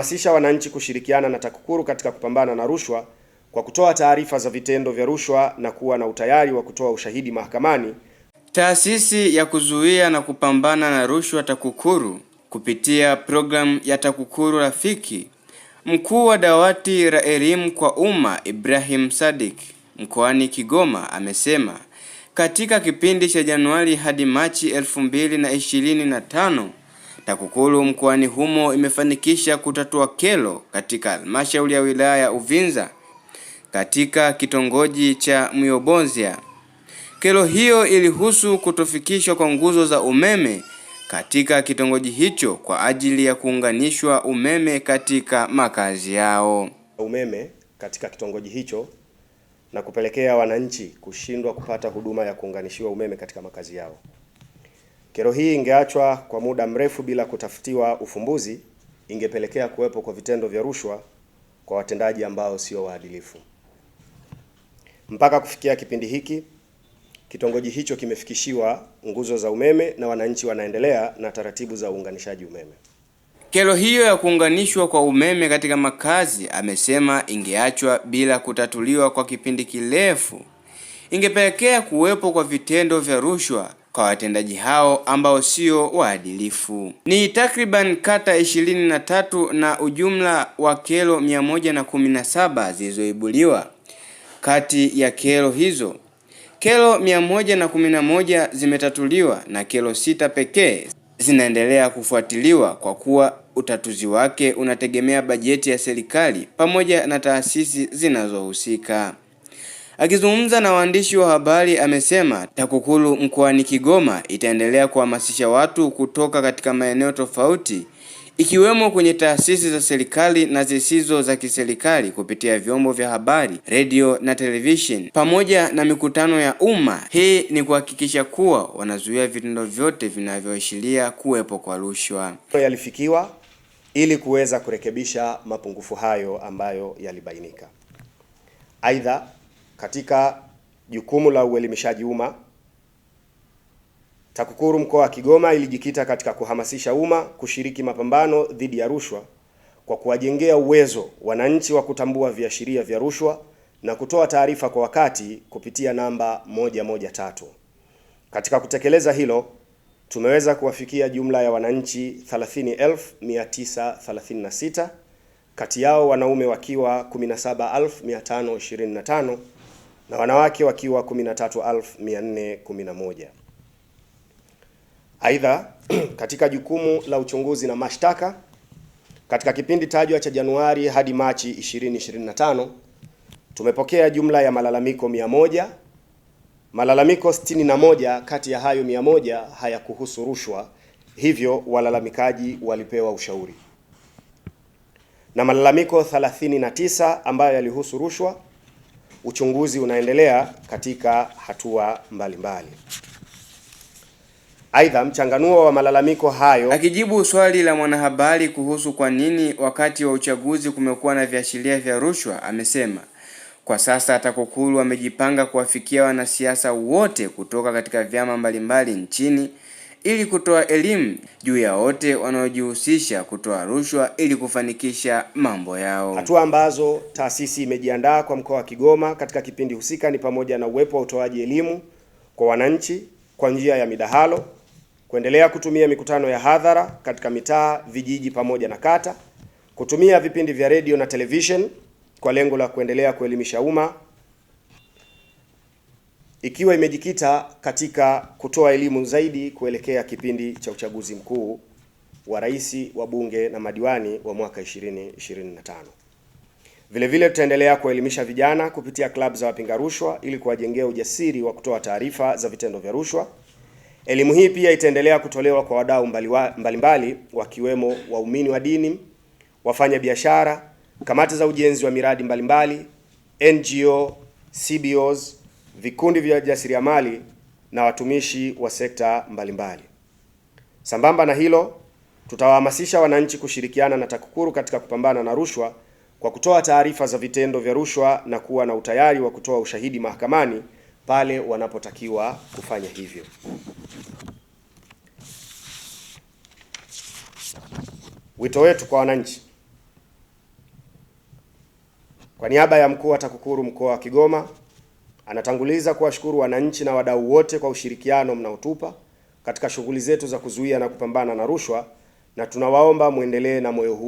Hamasisha wananchi kushirikiana na TAKUKURU katika kupambana na rushwa kwa kutoa taarifa za vitendo vya rushwa na kuwa na utayari wa kutoa ushahidi mahakamani. Taasisi ya kuzuia na kupambana na rushwa TAKUKURU kupitia programu ya TAKUKURU Rafiki, mkuu wa dawati la elimu kwa umma Ibrahim Sadik mkoani Kigoma amesema katika kipindi cha Januari hadi Machi 2025 TAKUKURU mkoani humo imefanikisha kutatua kero katika halmashauri ya wilaya ya Uvinza katika kitongoji cha Myobonzya. Kero hiyo ilihusu kutofikishwa kwa nguzo za umeme katika kitongoji hicho kwa ajili ya kuunganishwa umeme katika makazi yao. Umeme katika kitongoji hicho na kupelekea wananchi kushindwa kupata huduma ya kuunganishiwa umeme katika makazi yao. Kero hii ingeachwa kwa muda mrefu bila kutafutiwa ufumbuzi, ingepelekea kuwepo kwa vitendo vya rushwa kwa watendaji ambao sio waadilifu. Mpaka kufikia kipindi hiki, kitongoji hicho kimefikishiwa nguzo za umeme na wananchi wanaendelea na taratibu za uunganishaji umeme. Kero hiyo ya kuunganishwa kwa umeme katika makazi, amesema ingeachwa bila kutatuliwa kwa kipindi kirefu, ingepelekea kuwepo kwa vitendo vya rushwa kwa watendaji hao ambao sio waadilifu. Ni takriban kata ishirini na tatu na ujumla wa kero mia moja na kumi na saba zilizoibuliwa. Kati ya kero hizo kero mia moja na kumi na moja zimetatuliwa na kero sita pekee zinaendelea kufuatiliwa kwa kuwa utatuzi wake unategemea bajeti ya serikali pamoja na taasisi zinazohusika. Akizungumza na waandishi wa habari amesema TAKUKURU mkoani Kigoma itaendelea kuhamasisha watu kutoka katika maeneo tofauti ikiwemo kwenye taasisi za serikali na zisizo za kiserikali kupitia vyombo vya habari, redio na television pamoja na mikutano ya umma. Hii ni kuhakikisha kuwa wanazuia vitendo vyote vinavyoashiria kuwepo kwa rushwa. Yalifikiwa ili kuweza kurekebisha mapungufu hayo ambayo yalibainika. Aidha, katika jukumu la uelimishaji umma. TAKUKURU mkoa wa Kigoma ilijikita katika kuhamasisha umma kushiriki mapambano dhidi ya rushwa kwa kuwajengea uwezo wananchi wa kutambua viashiria vya rushwa na kutoa taarifa kwa wakati kupitia namba tatu Katika kutekeleza hilo, tumeweza kuwafikia jumla ya wananchi 30,936, kati yao wanaume wakiwa 17,525 na wanawake wakiwa 13411. Aidha, katika jukumu la uchunguzi na mashtaka katika kipindi tajwa cha Januari hadi Machi 2025 tumepokea jumla ya malalamiko 100. Malalamiko 61 kati ya hayo 100 hayakuhusu rushwa, hivyo walalamikaji walipewa ushauri, na malalamiko 39 ambayo yalihusu rushwa uchunguzi unaendelea katika hatua mbalimbali. Aidha, mchanganuo wa malalamiko hayo, akijibu swali la mwanahabari kuhusu kwa nini wakati wa uchaguzi kumekuwa na viashiria vya rushwa, amesema kwa sasa TAKUKURU amejipanga kuwafikia wanasiasa wote kutoka katika vyama mbalimbali nchini ili kutoa elimu juu ya wote wanaojihusisha kutoa rushwa ili kufanikisha mambo yao. Hatua ambazo taasisi imejiandaa kwa mkoa wa Kigoma katika kipindi husika ni pamoja na uwepo wa utoaji elimu kwa wananchi kwa njia ya midahalo, kuendelea kutumia mikutano ya hadhara katika mitaa, vijiji pamoja na kata, kutumia vipindi vya redio na television kwa lengo la kuendelea kuelimisha umma ikiwa imejikita katika kutoa elimu zaidi kuelekea kipindi cha uchaguzi mkuu wa rais, wa bunge na madiwani wa mwaka 2025. Vile vile tutaendelea kuelimisha vijana kupitia klabu za wapinga rushwa ili kuwajengea ujasiri wa kutoa taarifa za vitendo vya rushwa. Elimu hii pia itaendelea kutolewa kwa wadau mbalimbali wakiwemo waumini wa dini, wafanya biashara, kamati za ujenzi wa miradi mbalimbali, NGO, CBOs vikundi vya jasiriamali na watumishi wa sekta mbalimbali. Sambamba na hilo, tutawahamasisha wananchi kushirikiana na TAKUKURU katika kupambana na rushwa kwa kutoa taarifa za vitendo vya rushwa na kuwa na utayari wa kutoa ushahidi mahakamani pale wanapotakiwa kufanya hivyo. Wito wetu kwa wananchi. Kwa niaba ya mkuu wa TAKUKURU mkoa wa Kigoma Anatanguliza kuwashukuru wananchi na wadau wote kwa ushirikiano mnaotupa katika shughuli zetu za kuzuia na kupambana na rushwa na tunawaomba mwendelee na moyo huu.